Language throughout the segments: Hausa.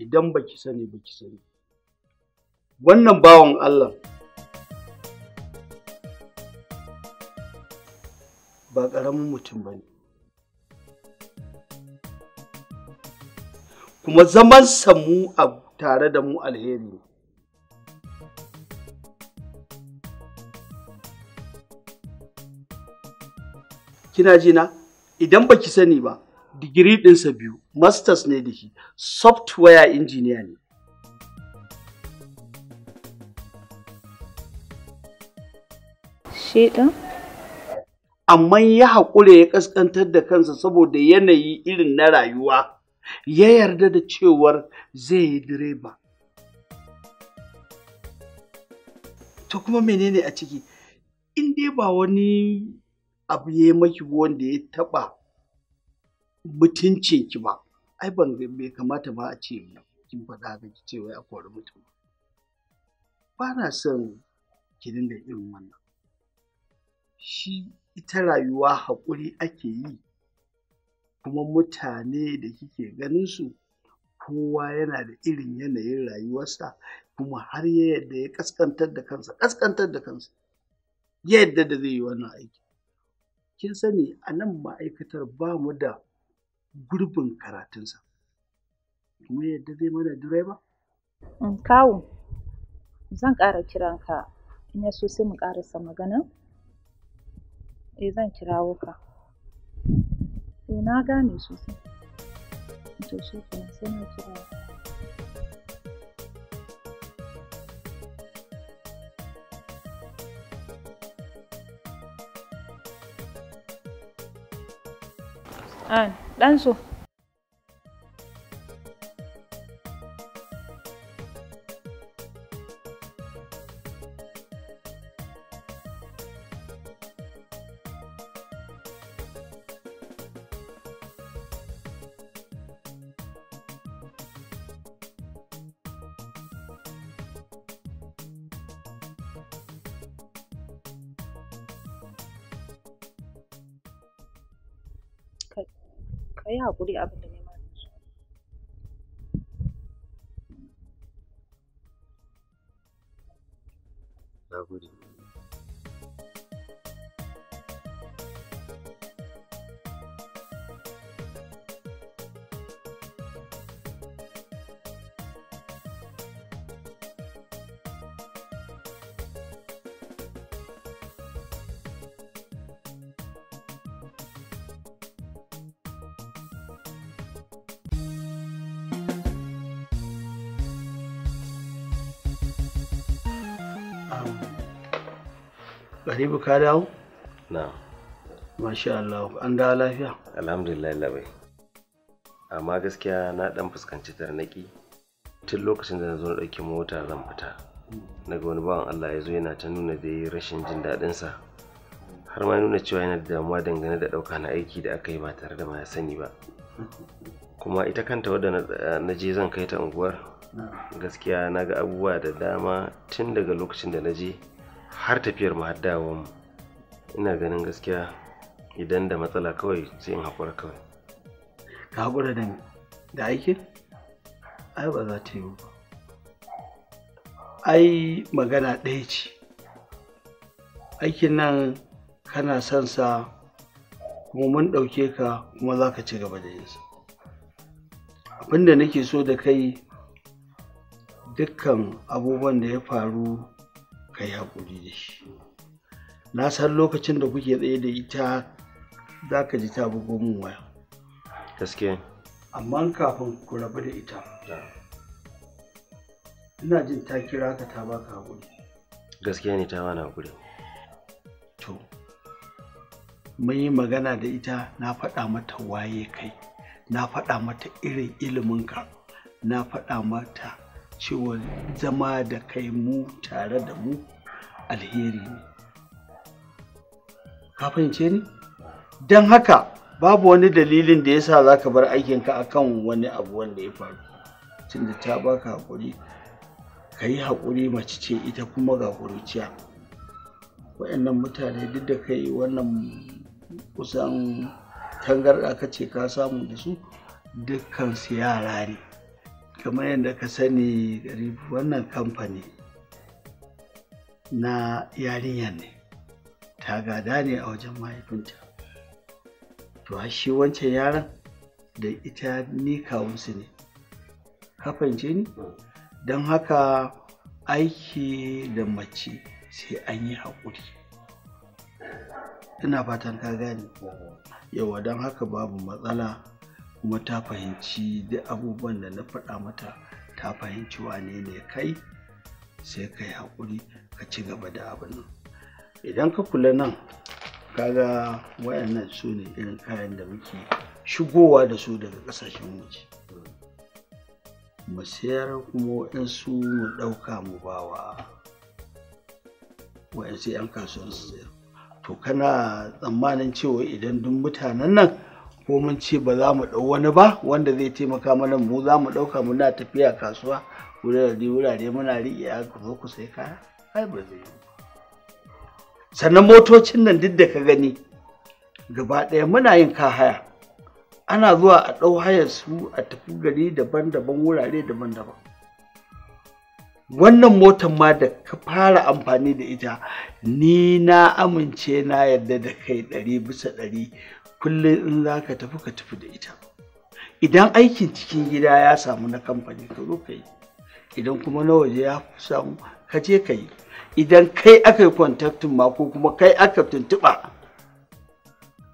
idan baki sani baki sani wannan bawan Allah ba ƙaramin mutum ba ne kuma zaman samu a tare da mu alheri kina jina idan baki sani ba digiri ɗinsa biyu masters ne da shi software engineer ne Amma ya haƙura ya ƙasƙantar da kansa saboda yanayi irin na rayuwa, ya yarda da cewar zai yi direba. Ta kuma menene a ciki? In dai ba wani abu ya yi maki wanda ya taɓa mutunci ki ba ai ban ga bai kamata ba a ce kin faɗa ga ki cewa a kori mutum ba na son ki dinga irin wannan shi ita rayuwa haƙuri ake yi kuma mutane da kike ganin su kowa yana da irin yanayin rayuwarsa kuma har ya yadda ya kaskantar da kansa kaskantar da kansa yadda da zai yi wannan aiki kin sani a nan ma'aikatar ba mu da gurbin karatunsa kuma yadda zai mana direba mm, kawo zan ƙara kiran ka in ya so sai mu ƙarasa magana eh zan kirawo ka eh na gane sosai to shi kenan sai na kirawo Ah. ɗansu ka yi haƙuri abin da Garibu ka dawo? Na. Masha Allah, an dawo lafiya? Alhamdulillah labai. Amma gaskiya na dan fuskanci tarnaki tun lokacin da na zo na ɗauki mota zan fita. Na ga wani bawan Allah ya zo yana ta nuna da yi rashin jin daɗinsa. Har ma nuna cewa yana da damuwa dangane da ɗauka na aiki da aka yi ba tare da ma ya sani ba. Kuma ita kanta wadda na eh, je zan kai ta unguwar gaskiya na ga abubuwa da dama tun daga lokacin da na je har tafiyar mu ina ganin gaskiya idan da matsala kawai sai in haƙura kawai ka haƙura da da aiki ai ba za ta yi ai magana ɗaya ce aikin nan kana son sa kuma mun ɗauke ka kuma za ka ci gaba da yinsa Abinda nake so da kai dukkan abubuwan da ya faru ka yi haƙuri da shi na san lokacin da kuke tsaye da ita za ka ji ta bugo mun waya gaske amma kafin ku rabu da ita ina jin ta kira ka ta baka haƙuri gaskiya ne ta bani haƙuri to mun yi magana da ita na faɗa mata waye kai na faɗa mata irin iliminka na faɗa mata cewa zama da kai mu tare da mu alheri ne ka fahimce ni don haka babu wani dalilin da ya sa za ka bar aikinka a kan wani abu wanda ya faru tunda ta baka haƙuri ka yi haƙuri mace ce ita kuma ga kuruciya nan mutane duk da kai wannan kusan tangarɗa ka ce ka samu da su dukkan su yara ne kamar yadda ka sani gari wannan kamfani na yarinyar ne ta gada ne a wajen mahaifinta to shi wancan yaran da ita ni kawunsu ne kafin ni don haka aiki da mace sai an yi haƙuri ina fatan ka gane yawa don haka babu matsala kuma ta fahimci duk abubuwan da na faɗa mata ta fahimci wane ne kai sai ka yi haƙuri ka ci gaba da abin nan idan ka kula nan kaga wayannan su ne irin kayan da muke shigowa da su daga ƙasashen waje mu sayar kuma waɗansu mu ɗauka mu bawa waɗansu 'yan kasuwar su sayar to kana tsammanin cewa idan duk mutanen nan ko mun ce ba za mu ɗau wani ba wanda zai taimaka mana mu za mu ɗauka muna tafiya kasuwa wurare wurare muna riƙe a zo ku sai kaya ai ba zai yi sannan motocin nan duk da ka gani gaba ɗaya muna yin ka haya, ana zuwa a ɗau hayar su a tafi gari daban-daban wurare daban-daban wannan motar ma da ka fara amfani da ita ni na amince na yarda da kai ɗari bisa ɗari kullum in za ka tafi ka tafi da ita idan aikin cikin gida ya samu na kamfani ka zo ka yi idan kuma na waje ya samu ka je ka yi idan kai aka yi kwantaktin ma ko kuma kai aka tuntuɓa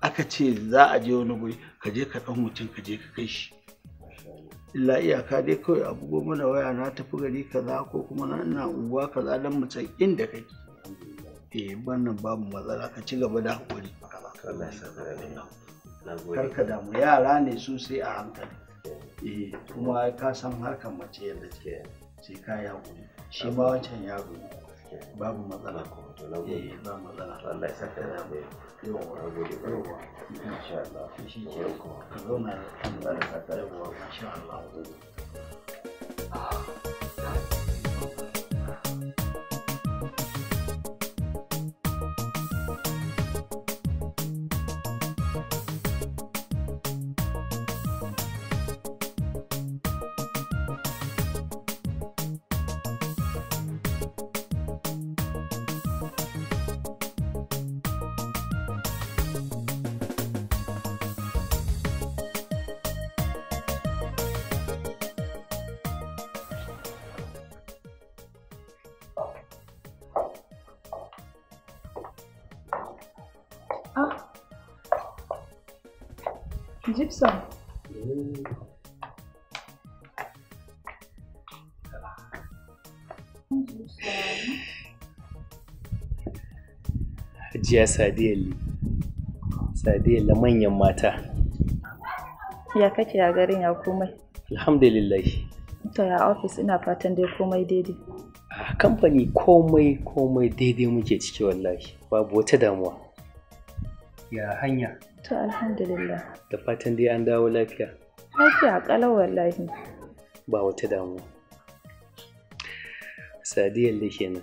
aka ce za a je wani guri ka je ka ɗan mutum ka je ka kai shi illa iyaka dai kawai a goma mana waya na tafi gari kaza ko kuma na ina unguwa kaza don mu san inda kake eh wannan babu matsala ka ci gaba da haƙuri Karka damu yara ne su sai a hankali. Eh, kuma ka san harkan mace yadda ce sai ya guri. Shi ya guri. Babu matsala. Eh, ba matsala. ya saka Yawa na gode. Yawa. Insha Allah. Shi ya saka Gibson. Hajiya Sadiya la manyan mata. Ya kake ya garin ya komai? Alhamdulillah. To ya ofis ina fatan dai komai daidai. A kamfani komai komai daidai muke ciki wallahi babu wata damuwa. ya hanya to alhamdulillah da fatan dai an dawo lafiya lafiya kalau wallahi ba wata damuwa Sadiya da kenan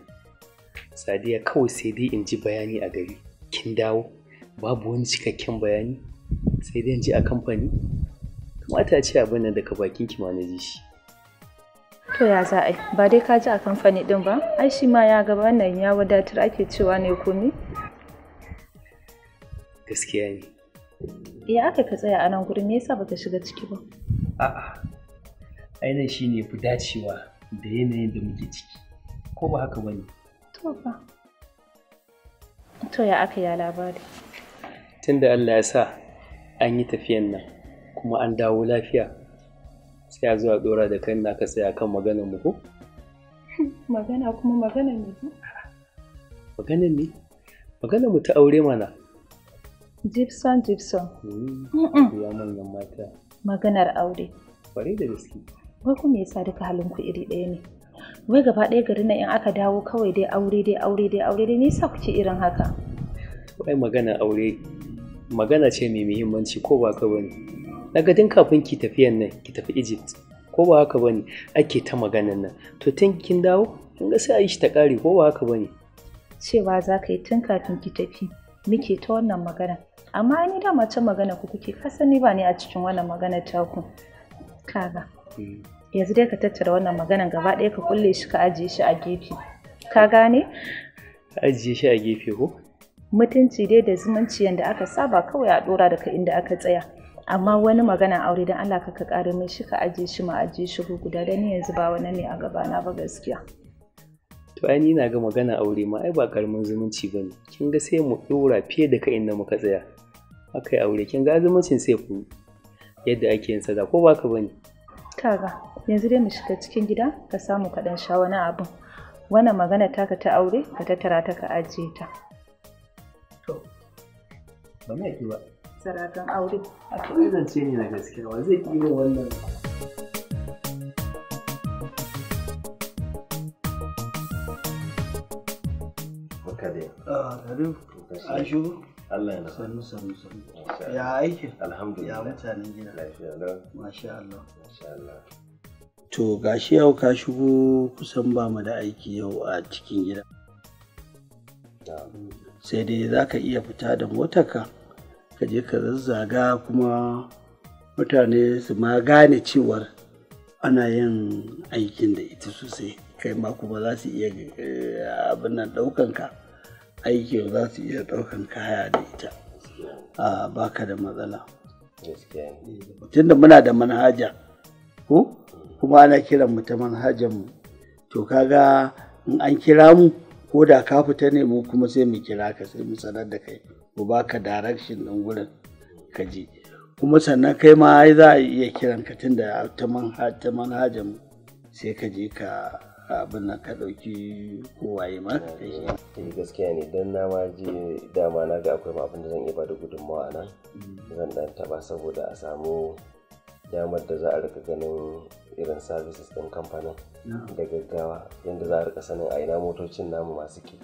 sadiya kawai sai dai in ji bayani a gari kin dawo babu wani cikakken bayani sai dai in ji a kamfani kamata ce abin nan daga bakin ki ma na ji shi To ya za a yi, ba dai ka ji a kamfani din ba, ai shi ma ya gaba nan ya wadatar ake cewa ne komi gaskiya ne ya aka ka tsaya a nan gurin me yasa baka shiga ciki ba a'a ainihin shi ne fi dacewa da yanayin da muke ciki ko ba haka bane to ba to ya aka ya labari tunda Allah ya sa an yi tafiyan nan kuma an dawo lafiya sai ya zuwa dora da kai naka sai akan maganar mu ko magana kuma magana ne maganar ne maganar mu ta aure mana Gibson Gibson. Ya manyan mata. Maganar aure. Kwarai da gaske. Wai kuma yasa duka halinku iri ɗaya ne. Wai gaba ɗaya garin na in aka dawo kawai dai aure dai aure dai aure dai nisa kuke irin haka. Wai magana aure magana ce mai muhimmanci ko ba haka bane. Na din kafin ki tafiyan nan ki tafi Egypt ko ba haka bane ake ta maganar nan. To tun kin dawo kin ga sai a yi shi ta ƙare ko ba haka bane. Cewa za ka yi tun kafin ki tafi. muke ta wannan magana amma ni da mace magana ku kuke kasan ni ba ni a cikin wannan magana ta ku kaga mm. yanzu dai ka tattara wannan magana gaba ɗaya ka kulle shi ka ajiye shi a gefe ka gane ajiye shi a gefe ko mutunci dai da zumunci yanda aka saba kawai a dora daga inda aka tsaya amma wani magana aure dan Allah ka ka kare mai shi ka ajiye shi ma ajiye shi guda dan yanzu ba wani ne a gabana ba gaskiya to ai ni na ga magana aure ma ai ba karamin zumunci ba ne kin ga sai mu ɗora fiye da kai inda muka tsaya aka yi aure kin ga zumuncin sai ku yadda ake yin sada ko baka bane kaga yanzu dai mu shiga cikin gida ka samu ka dan sha wani abu. wannan magana taka ta aure ka tattara ta ka ajiye ta to ba mai ba sarakan aure a zan ce ni na gaskiya wa zai yi wannan dai. Garif, ah, Ashu, Allah yana sannu sannu sannu. Ya aiki? Alhamdulillah. Ya mutanen gida. Lafiya lau. Masha Allah. Masha Allah. To gashi yau ka shigo kusan ba mu da aiki yau a cikin gida. Sai dai za ka iya fita da motarka ka je ka zazzaga kuma mutane su ma gane cewar ana yin aikin da ita sosai kai ma kuma za su iya eh, abin nan ɗaukanka. ka. aiki za su iya ɗaukan kaya da ita a baka da matsala tunda muna da manhaja ko kuma ana kiran mu ta manhajan mu to kaga in an kira mu ko da ka fita ne mu kuma sai mu kira ka sai mu sanar da kai mu baka direction ɗin wurin ka je kuma sannan kai ma za a iya kiran ka tunda ta manhajar mu sai ka je ka abin nan ka ɗauki kowaye ma kai eh, eh, gaskiya ne don na ma ji dama na ga akwai abin da zan iya bada gudunmawa nan zan dan taba saboda a samu damar da za a rika ganin irin services ɗin kamfanin da gaggawa yadda za a rika sanin a ina motocin namu masu ke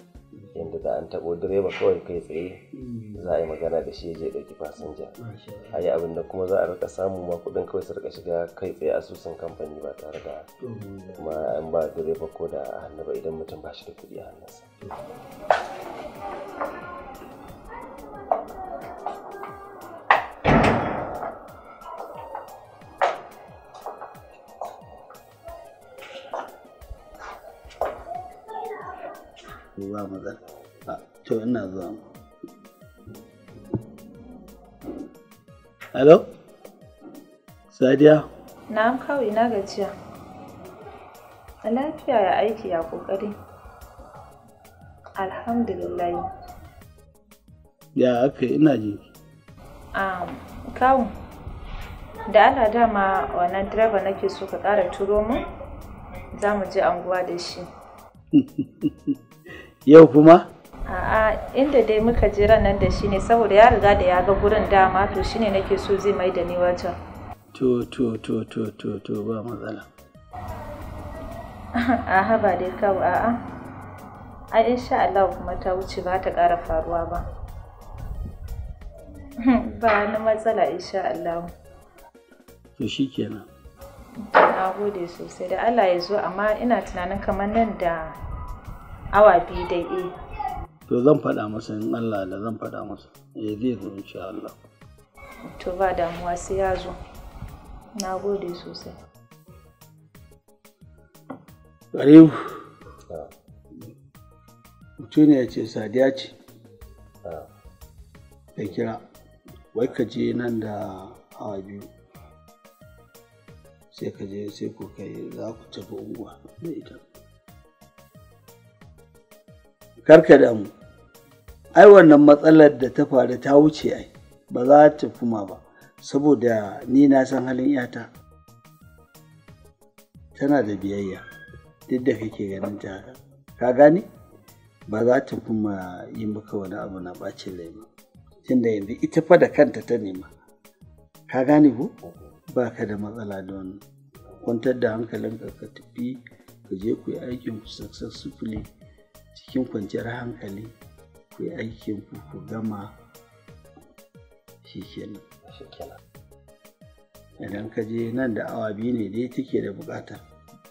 yadda da an taɓo direba kawai kai tsaye mm. za a yi magana da shi je ɗauki fasinja a yi abin da kuma za a rika samu ma kuɗin kawai su rika shiga kai tsaye asusun kamfani ba tare da kuma an ba direba ko da hannu ba idan mutum ba shi da kuɗi a hannunsa. ba maza to ina zuwa hello sadiya na'am kawai na gajiya a lafiya ya aiki ya kokari alhamdulillah ya aka ina ji kawun da allah dama wannan direba nake so ka ƙara turo mu za mu je anguwa da shi Yau kuma? A'a inda dai muka je nan da shi ne saboda ya riga da ya ga gurin dama to shine nake so zai mai da ni wajen. To to to to to to ba matsala. A ba dai kawai a'a. Ai insha Allah kuma ta wuce ba ta ƙara faruwa ba. Ba ni matsala insha Allah. To kenan. Na gode sosai da Allah ya zo amma ina tunanin kamar nan da awa biyu dai eh to zan faɗa masa in Allah da zan faɗa masa eh zai zo insha Allah to ba damuwa sai ya zo na gode sosai Garibu mutum ne ya ce sadiya ce ka kira wai ka je nan da awa biyu sai ka je sai ku kai za ku tafi unguwa da ita karka damu ai wannan matsalar da ta faru ta wuce ai ba za ta kuma ba saboda ni na san halin yata tana da biyayya duk da kake ganin ta ka gane ba za ta kuma yi maka wani abu na bacin rai ba tunda yanzu ita fa da kanta ta nema ka gane ko ba ka da matsala da wannan kwantar da hankalinka ka tafi ka je ku yi aikin ku successfully cikin kwanciyar hankali ku yi aikin ku ku gama shi kenan idan ka je nan da awa biyu ne dai take da bukata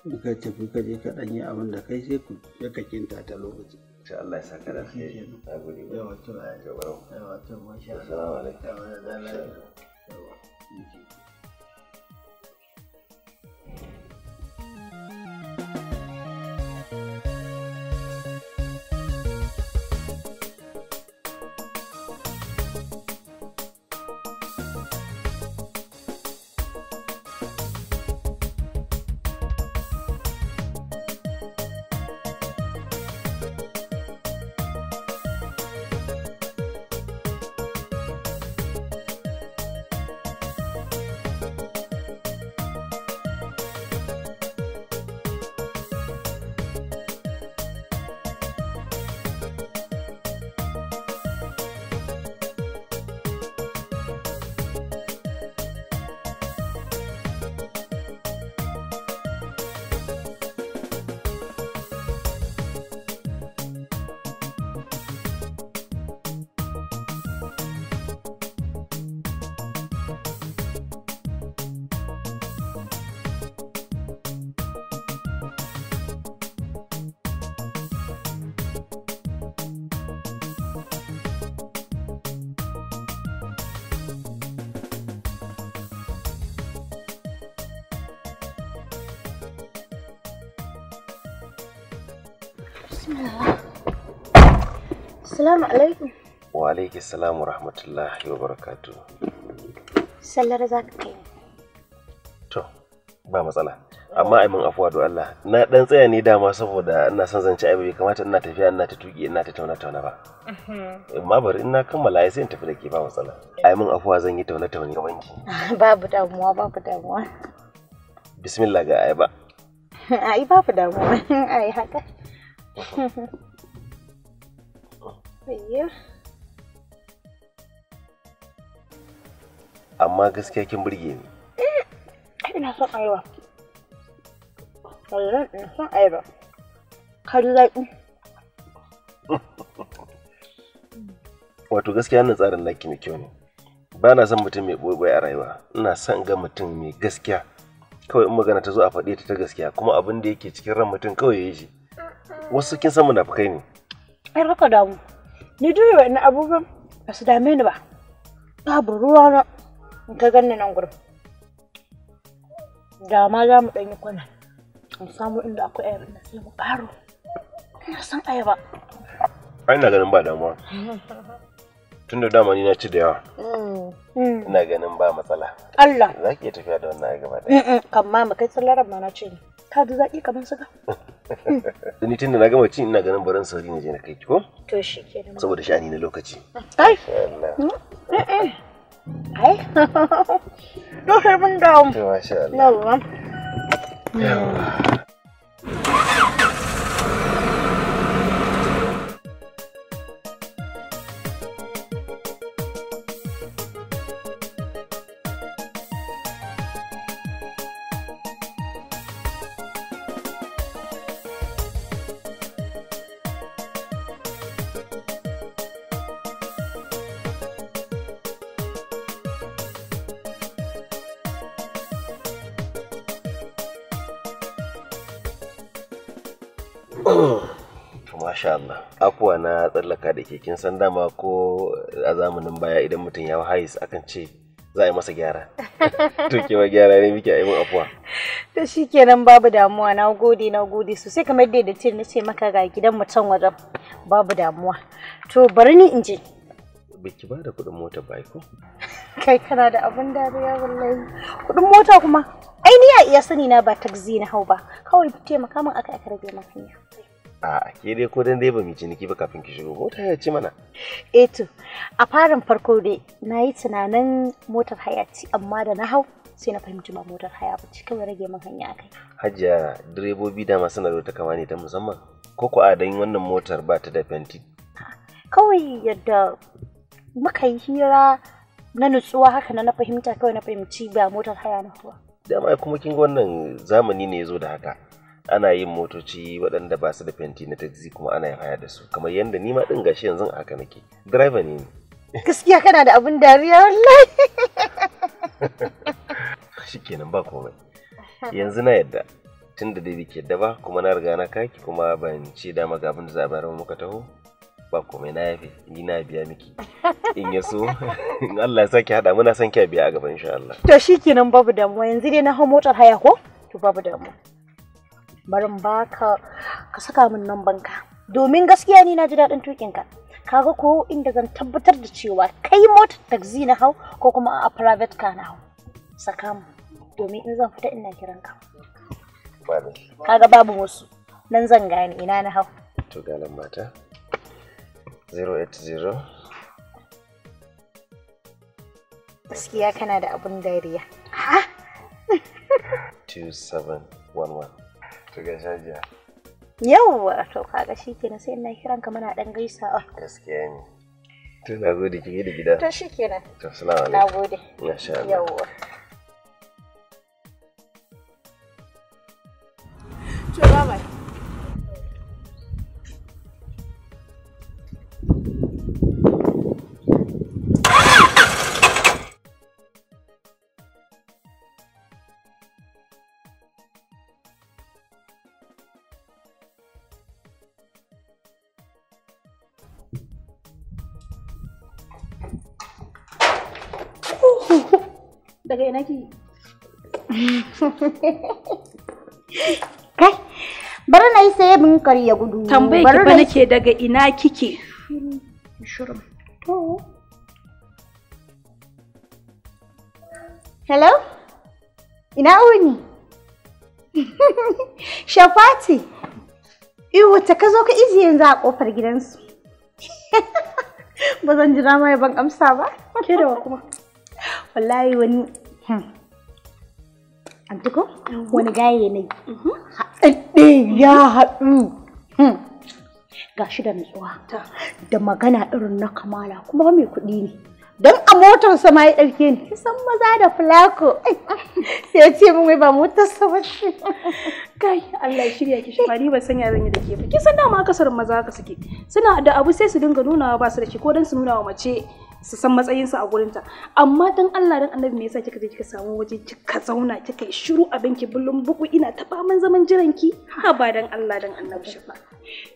in ka tafi ka je ka ɗanyi abin da kai sai ku ya ka kinta ta lokaci Allah ya saka da kai na gode ba ya to yawa to masha Allah assalamu alaikum Assalamu alaikum. Wa alaikum salam wa rahmatullahi wa barakatu. Sallar za ka kai. To, ba matsala. Amma ai mun afuwa do Allah. Na dan tsaya ne dama saboda ina son zance ai bai kamata ina tafiya ina ta tuki ina ta tauna tauna ba. Mm-hmm. Amma bari ina kammala ai sai in tafi da ke ba matsala. Ai mun afuwa zan yi tauna tauni ga banki Babu damuwa babu damuwa. Bismillah ga ayaba. Ai babu damuwa. Ai haka. Amma gaskiya kin burge ni. Eh, ina son ayaba. Wallahi ina son ayaba. Kari zaƙi. Wato gaskiya wannan tsarin laki mai kyau ne. Ba na son mutum mai ɓoye a rayuwa. Ina son ga mutum mai gaskiya. Kawai in magana ta zo a faɗe ta ta gaskiya kuma abin da yake cikin ran mutum kawai ya yi shi. wasu kin san munafukai ne ai raka mu ni duk ina abubuwan ba su dame ni ba ta ruwa na in ka ganni nan gurin da ma za mu ɗanyi kwana in samu inda akwai ayaba na sai mu ƙaro ina san ayaba ai na ganin ba damuwa tunda da dama ni na ci da yawa mm. ina ganin ba matsala Allah za ki iya tafiya da wannan gaba ɗaya kan ma mu kai sallar ma na ce ni ta ji zaƙi kamar suga. Ni tun na gama cin ina ganin barin sauri ne je na kai ki ko? To shi kenan. Saboda sha'ani na lokaci. Kai. Mm, eh eh. Ai. Dokar mun dawo. Masha Allah. Allah. Yawwa. Masha Allah. Akuwa na tsallaka da ke kin san dama ko a zamanin baya idan mutum ya hais akan ce za a yi masa gyara. to ke ma gyara ne muke yi afuwa. To shi kenan babu damuwa na gode na gode sosai kamar yadda da na ce maka ga gidan mutum wajen babu damuwa. To bari ni in je. Biki ba da kuɗin mota ba ko? Kai kana da abin dariya wallahi. Kuɗin mota kuma ai ni a iya sani na ba taxi na hau ba kawai taimaka min aka aka rage min hanya a ke dai ko dan dai ba mu niki ba kafin ki shigo mota ya ci mana eh to a farin farko dai na yi tunanin motar haya amma da na hau sai na fahimci ba motar haya ba ci kawai rage min hanya akai hajiya direbobi dama suna da ta kama ne ta musamman ko ko a dan wannan motar ba ta da fenti kawai yadda muka yi hira na nutsuwa haka na na fahimta kawai na fahimci ba motar haya na ba dama kuma kin ga wannan zamani ne ya zo da haka ana yin motoci waɗanda ba su da fenti na taxi kuma ana haya da su kamar yadda ni ma ɗin gashi yanzu a haka nake driver ne gaskiya kana da abun dariya wallahi shikenan ba komai yanzu na yadda tun da dai ke da ba kuma na riga na kaki kuma ban ce dama ga abin da za a bayar muka taho ba komai na yafe ni na biya miki in ya so in Allah ya saki hada muna son kya biya a gaban insha Allah to shikenan babu damuwa yanzu dai na hau motar haya ko to babu damuwa Barin baka ka saka min nan banka domin gaskiya ni na ji daɗin tukin ka kaga ko inda zan tabbatar da cewa kai motar taxi na hau ko kuma a private car na hau saka mu domin in zan fita ina kiran ka kaga babu wasu nan zan gane ina na hau to galan mata 080 gaskiya kana da abun dariya 2711 to ga shajiya yawwa to kaga shi kenan sai ina kiran ka muna dan gaskiya ne to gode ki da gida to kenan to gode bye zagaye naki kai bari na yi sai bin kari ya gudu tambaye ki ba nake daga ina kike shirin to hello ina uni shafati iwo ta ka zo ka izi yanzu a kofar gidansu ba zan jira mai ban amsa ba ke da wa kuma wallahi wani Hmm. Antiko? Wani gaye ne. Mhm. Haɗaɗɗe ya haɗu. Hmm. Ga shi da nutsuwa. Da magana irin na kamala kuma mai kuɗi ne. Don a motarsa ma ya ɗauke ni. Kisan maza da fulako. Sai ya ce min wai ba motarsa ba ce. Kai Allah ya shirya ki shifa ni ban sanya zan yi da ke ba. Kin san dama akasarin maza ka suke. Suna da abu sai su dinga nunawa ba su da shi ko don su nunawa mace su san matsayinsu a gurin ta amma dan Allah dan annabi me yasa kika je kika samu waje kika zauna kika yi shiru a banki bullun buku ina ta faman zaman jiranki ha ba dan Allah dan annabi shi fa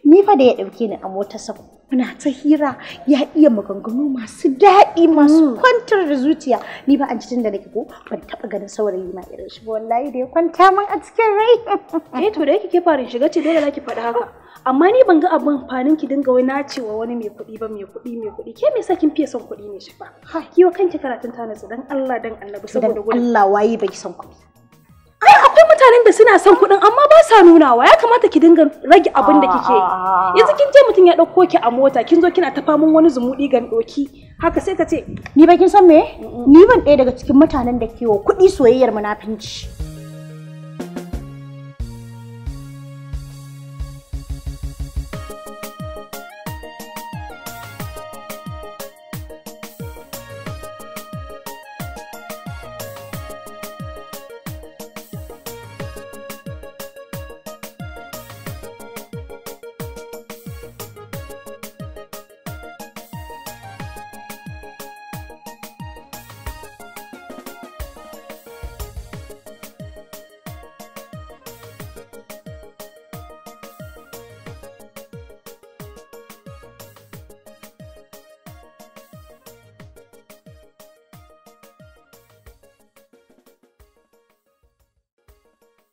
ni fa da ya dauke ni a motar sako muna ta hira ya iya maganganu masu daɗi masu mm. kwantar da zuciya ni ba an ci tunda nake ko ban taɓa ganin saurayi ma irin shi wallahi da ya kwanta min a cikin rai eh to da yake ke farin shiga ce dole zaki faɗi haka amma ni ban ga abin fanin ki dinga wai nacewa wani mai kuɗi ba mai kuɗi mai kuɗi ke me sa kin fiye son kuɗi ne shi ba ha kiwo kanki karatun ta natsu dan Allah dan Annabi saboda gudu Allah wayi baki son kuɗi mutanen da suna son kuɗin amma ba sa nunawa ya kamata ki dinga rage abin da kike ah. yanzu kin je mutum ya ɗauko ki a mota kin zo kina ta faman wani zumuɗi gan ɗoki haka sai ka ce ni ba kin san me ni ban ɗaya daga cikin mutanen da ke wa kuɗi soyayyar munafinci